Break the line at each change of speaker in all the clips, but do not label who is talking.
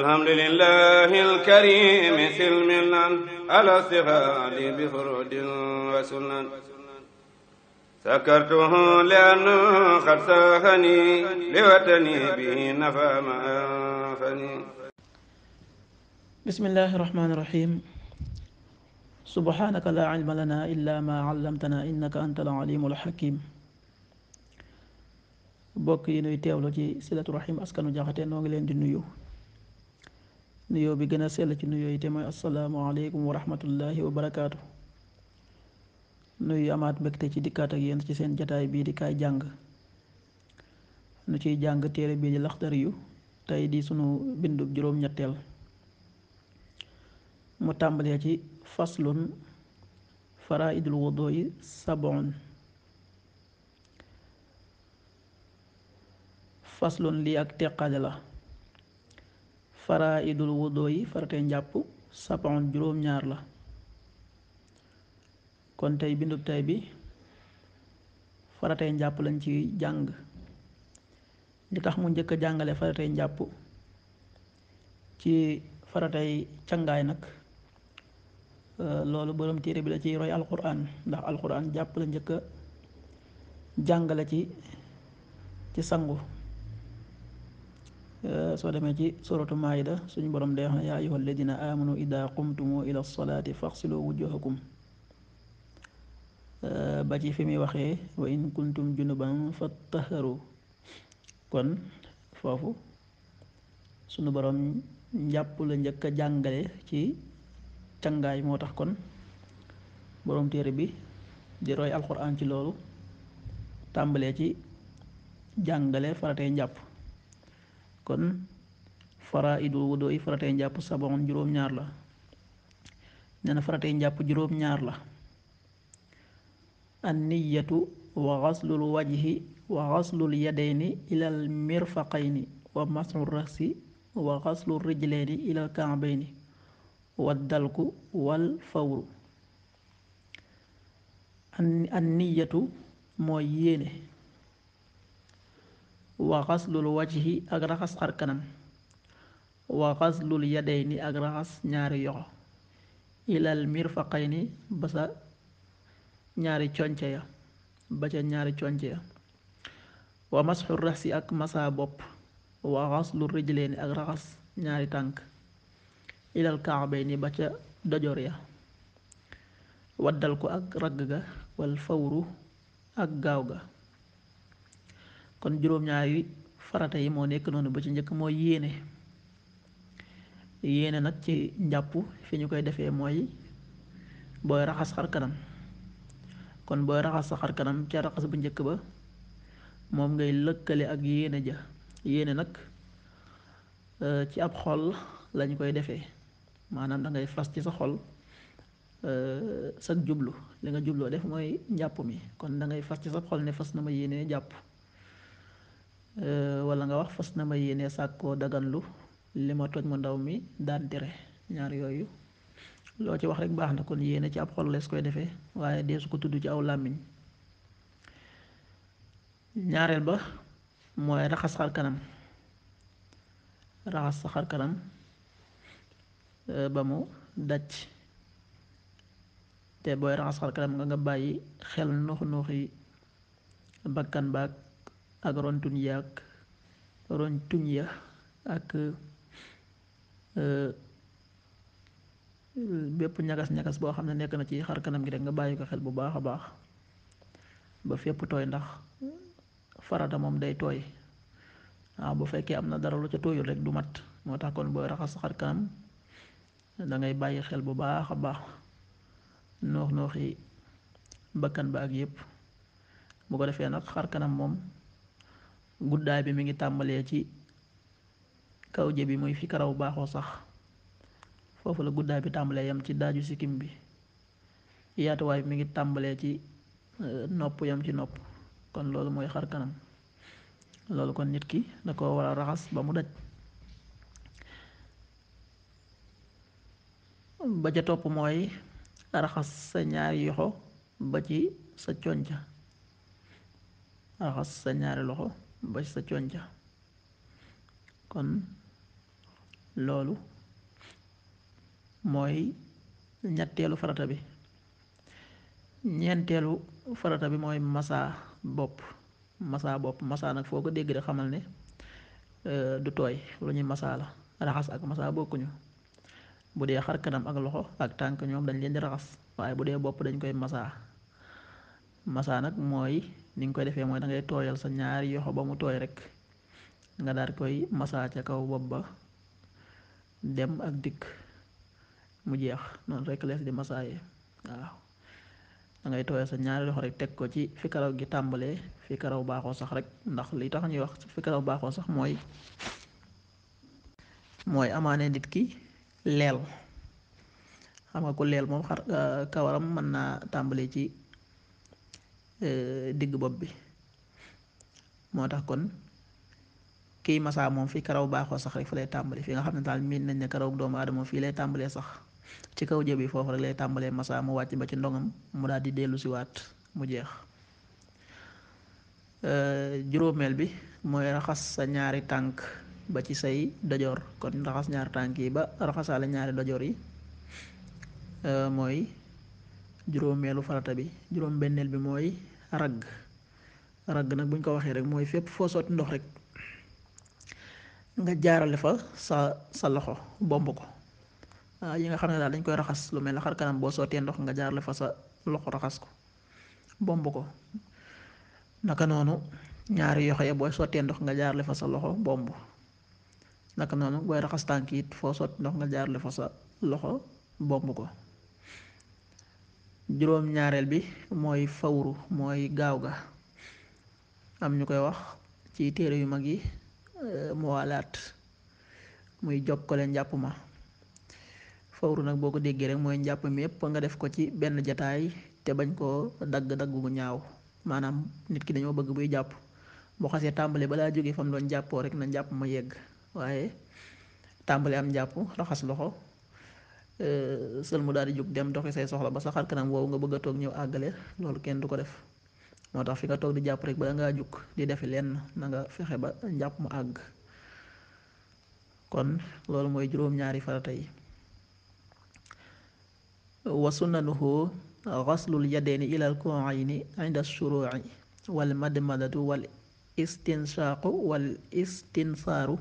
الحمد لله الكريم سلمنا على استفاد بفرد وسنن سكرته لأنه قد ساخني لوطني به نفى ما أنفني بسم الله الرحمن الرحيم سبحانك لا علم لنا إلا ما علمتنا إنك أنت العليم الحكيم bokk yi nuy teewlu ci silatu rahim askanu jaxate noo ngi leen di nuyu nuyoo bi gën a sell ci nuyoo yi te mooy asalaamualeykum wa rahmatullahi wa barakaatu. amaat mbégte ci dikkaat ak yéen ci seen jataay bii di kaay jàng nu ciy jàng téere bii di laxdar yu tey di sunu bindub juróom-ñetteel mu tàmbalee ci faslun faraidul wudu yi sabon faslun lii ak teqaale la faraidul wudo yi faratee njàpp sapaon juróom-ñaar la kon tey bindu tey bi faratee njàpp lañ ci jàng li tax mu njëkk a jàngale faratey njàpp ci faratey cangaay nag euh, loolu borom téere bi la ci roy alquran ndax alquran jàpp la njëkk a jàngale ci ci sangu Euh, soo demee ci suratu maayida suñu borom dee wax ne yaa ayyuha alladina amanu ida qumtumu ila salaati faxsilu wujuhakum euh, ba ci fi muy waxee wa in kuntum junuban fattaharu kon foofu suñu borom njàpp la njëkk a ci cangaay moo tax kon boroom téere bi di roy alquran ci loolu tàmbalee ci jàngale faratee njàpp kon faraidul wudu yi faratey njàpp sabon juróom-ñaar la nee na njàpp juróom-ñaar la an niyatu wa xaslul wajhi wa xaslul yadayni ilal mirfaqayni wa masxu rasi wa xaslul rijlayni ilal kaabayni wa dalku wal fawru an niyatu mooy yéene wa xaslul wajhi ak raxas xar kanam wa xaslul yadayni ak raxas ñaari yoxo ilal mirfaqayni ba sa ñaari conce ya ba ca ñaari conce ya wa masxu raxsi ak masa bopp wa xaslul rijleeni ak raxas ñaari tànk ilal kaabayni ba ca dojoor ya waddal ko ak ragg ga wal fawru ak gaaw ga kon juróom-ñaari farata yi moo nekk noonu ba ci njëkk mooy yéene yéene nag ci njàpp fi ñu koy defee mooy booy raxas xar kanam kon booy raxas sa xar kanam ca raxas bu njëkk ba moom ngay lëkkale ak yéene ja yéene nag euh, ci ab xol lañu koy defee maanaam da ngay fas ci sa xol euh, sag jublu li nga jubloo def mooy njàpp mi kon da ngay fas ci sa xol ne fas na ma yéene jàpp Euh, wala nga wax fas na ma yéene sàkkoo daganlu li ma toj mu ndaw mi daan tere ñaar yooyu loo ci wax rek baax na kon yéene ci ab xol lees koy defee waaye dee su ko tudd ci aw làmmiñ ñaareel ba mooy raxas xar kanam raxas sa euh, ba mu daj te booy raxas xar nga nga bàyyi xel nuux nuuxi bakkan baag ak roñ ya ak rontuñ ya ak euh, bépp ñagas-ñagas boo xam ne nekk na ci xarkanam gi rek nga bàyyi ko xel bu baax a baax ba fépp tooy ndax farata moom day tooy waaw bu fekkee am na dara lu ca tooyul rek du mat moo tax kon booy raxas xar kanam bàyyi xel bu baax a baax noox nooxi bakkan ba ak yépp bu ko defee nag xarkanam moom guddaay bi mi ngi tàmbalee ci kaw bi muy fi karaw baaxoo sax foofu la guddaay bi tàmbalee yam ci daaju sikkim bi yaatuwaay bi mi ngi tàmbalee ci euh, nopp yam ci nopp kon loolu mooy xar kanam loolu kon nit ki da koo war a raxas ba mu daj ba ca topp mooy raxas sa ñaari yoxo ba ci sa conca raxas sa ñaari loxo ba sa conca kon loolu mooy ñetteelu farata bi ñeenteelu farata bi mooy masaa bopp masaa bopp masaa nag foo dégg de xamal ne euh, du tooy lu ñu masaa la raxas ak masaa bokkuñu bu dee xar kanam ak loxo ak tànk ñoom dañ leen di raxas waaye bu dee bopp dañ koy masaa masa nag mooy ni nga koy defee mooy da ngay tooyal sa ñaari yoxo ba mu tooy rek nga daal koy masa ca kaw bopp ba dem ak dikk mu jeex noonu rek lees di masaaye waaw da tooyal sa ñaari loxo rek teg ko ci fi karaw gi tàmbalee fi karaw baaxoo sax rek ndax li tax ñuy wax fi karaw baaxoo sax mooy mooy amaane nit ki leel xam nga ko leel moom xar ah, kawaram mën naa tàmbali ci Euh, digg bopp bi moo tax kon kii masaa moom fi karaw baaxoo sax rek fa lay tàmbali fi nga xam ne daal miin nañ ne karaw doomu aadama fii lay tàmbalee sax ci kaw bi foofu rek lay tàmbalee masaa mu wàcc ba ci ndongam mu daal di dellu si waat mu jeex euh, juróomeel bi mooy raxas sa ñaari tànk ba ci say dojoor kon raxas ñaari tànk yi ba raxasaale ñaari dojoor yi euh, mooy juróomeelu farata bi juróom benneel bi mooy ragg ragg nag bu ñu ko waxee rek mooy fépp foo sotti ndox rek nga jaarale fa sa sa loxo bomb ko ah, yi nga xam ne daal dañ koy raxas lu mel ne xar boo sottee ndox nga jaarale fa sa loxo raxas ko bomb ko naka noonu ñaari yoxo ya booy sottee ndox nga jaarale fa sa loxo bomb naka noonu booy raxas tànk it foo sotti ndox nga jaarale fa sa loxo bomb ko juróom ñaareel bi mooy fawru mooy gaaw ga am ñu koy wax ci téere yu mag yi euh, muwaalaat muy jokkale njàpp ma fawru nag boo ko déggee rek mooy njàpp mi yépp nga def ko ci benn jataay te bañ koo dagg dagg mu ñaaw maanaam nit ki dañoo bëgg buy jàpp bu xasee tàmbali balaa jógee fam doon jàppoo rek na njàpp ma yegg waaye tàmbalee am njàpp raxas loxo Euh, sël mu daal di dem doxi say soxla ba sa kanam woowu nga bëgg a toog ñëw àggale loolu kenn du ko def moo tax fi nga toog di jàpp rek bala ngaa jug di defi lenn na nga fexe ba njàpp mu àgg kon loolu mooy juróom-ñaari wasu yi wa sunnanuhu xaslul yadeeni ilal kuayni inda shuruuci wal madmadatu wal istinsaaqu wal istinsaaru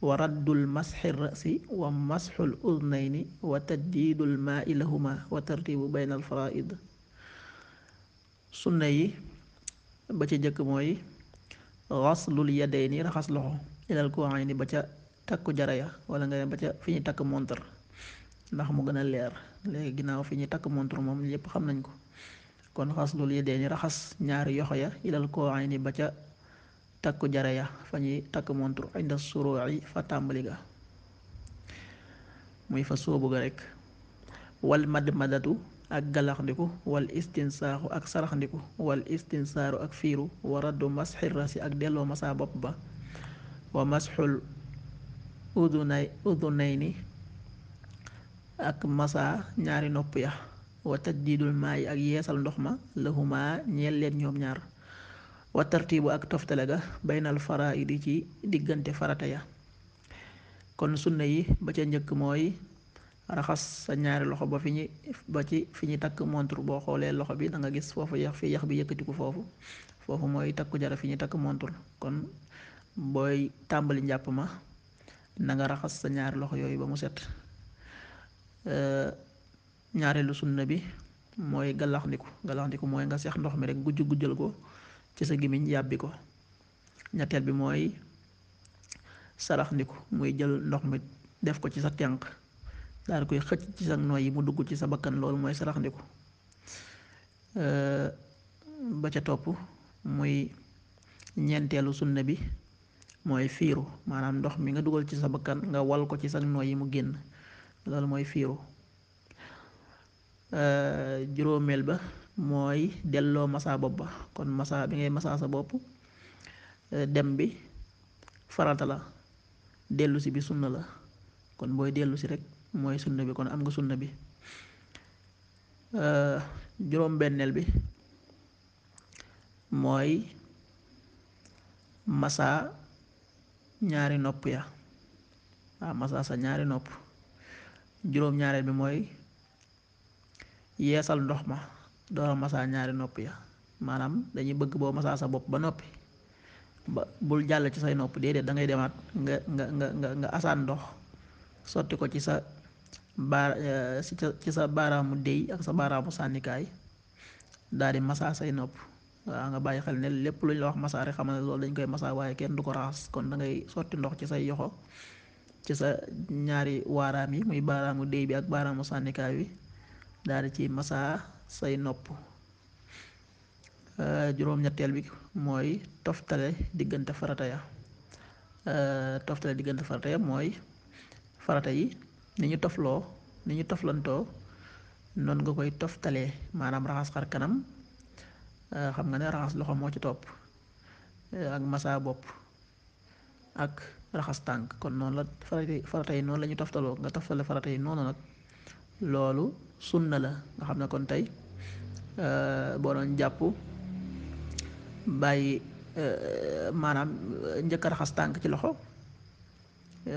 wa raddul masxi rasi wa masxul udnayni wa tajdiidul maai lahuma wa tartibu bayna al faraid sunna yi ba ca jëkk mooy xaslul yadayni raxas loxo ilal kuwayni ba ca takku jaraya wala nga dem ba ca fi ñu takk montre ndax mu gën a leer léegi ginnaaw fi ñu takk montre moom yépp xam nañ ko kon xaslul yadayni raxas ñaari yoxo ya ilal kuwayni ba ca takku jaraya fa ñuy takk montre inda surooci fa tàmbali ga muy fa soobu ga rek wal madmadatu ak galaxndiku wal istinsaaxu ak saraxndiku wal istinsaaru ak fiiru wa raddu masxil ak delloo masaa bopp ba wa masxul udunay udunayni ak masaa ñaari nopp ya wa tajdiidul maay ak yeesal ndox ma lahuma ñeel leen ñoom ñaar wa tartibu ak toftale ga baynal di ci diggante farata ya kon sunna yi ba ca njëkk mooy raxas sa ñaari loxo ba fi ñi ba ci fi ñi takk montre boo xoolee loxo bi da nga gis foofu yax fi yax bi yëkkatiku foofu foofu mooy takku jara fi ñi takk montre kon booy tàmbali njàpp ma na nga raxas sa ñaari loxo yooyu ba mu set ñaareelu sunna bi mooy galaxndiku galaxndiku mooy nga seex ndox mi rek gujj gujjal ko ci sa gémmiñ yàbbi ko ñetteel bi mooy sarax ndiku muy jël ndox mi def ko ci sa tenq daal koy xëcc ci sa noy yi mu dugg ci sa bakkan loolu mooy sarax ba ca topp muy ñeenteelu sunna bi mooy fiiru maanaam ndox mi nga dugal ci sa bakkan nga wal ko ci sa noy yi mu génn loolu mooy fiiru juróomeel ba mooy delloo masaa bopp ba kon masaa bi ngay masaa sa bopp eh, dem bi farata la dellu bi sunna la kon booy dellusi rek mooy sunna bi kon am nga sunna bi eh, juróom benneel bi mooy masaa ñaari nopp ya waaw masaa sa ñaari nopp juróom ñaareel bi mooy yeesal ndox ma door a masaa ñaari nopp ya maanaam dañuy bëgg boo masaa sa bopp ba noppi ba bul jàll ci say nopp déedéet da ngay demaat nga nga nga nga nga asaan ndox sotti ko ci sa baar eh, ci sa baaraamu déy ak sa baaraamu sànnikaay daal di masaa say nopp waaw nga bàyyi xel ne lépp lu wax masaa rek xamal ne loolu dañ koy masaa waaye kenn du ko raxas kon da ngay sotti ndox ci say yoxo ci sa ñaari waaraam yi muy baaraamu déy ak baaraamu sànnikaay bi di ci masaa say nopp euh, juróom-ñetteel bi mooy toftale diggante farata ya euh, toftale diggante farata mooy farata yi ni ñu tofloo ni ñu toflantoo noonu nga koy toftalee maanaam raxas xar kanam euh, xam nga ne raxas loxo moo ci topp ak masaa bopp ak raxas tànk kon noonu la farata yi noonu la ñu toftaloo nga toftale farata yi noonu nag loolu na la nga xam ne kon tey Euh, boo doon jàpp bàyyi euh, maanaam euh, njëkk raxas tànk ci loxo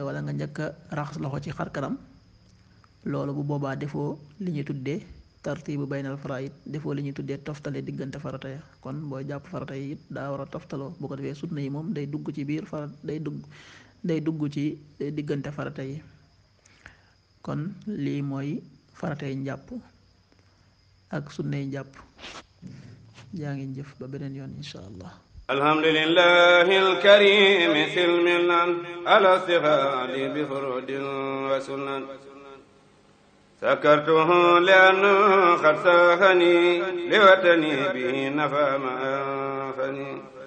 wala nga njëkk a raxas loxo ci xar kanam loolu bu boobaa defoo li ñuy tuddee tartiibu baynal it defoo li ñuy tuddee toftale diggante farata kon booy jàpp farata yi it daa war a toftaloo bu defee sunna yi moom day dugg ci biir fara day dugg day dugg ci eh, diggante farata kon lii mooy farata njàpp ak sunnay njàpp jaa ngeen jëf ba beneen yoon insha allah alhamdulillahi alkarim silmilan alastihadi bi furudin wa sunan سكرته لأنه قد ساخني لوطني به نفى ما أنفني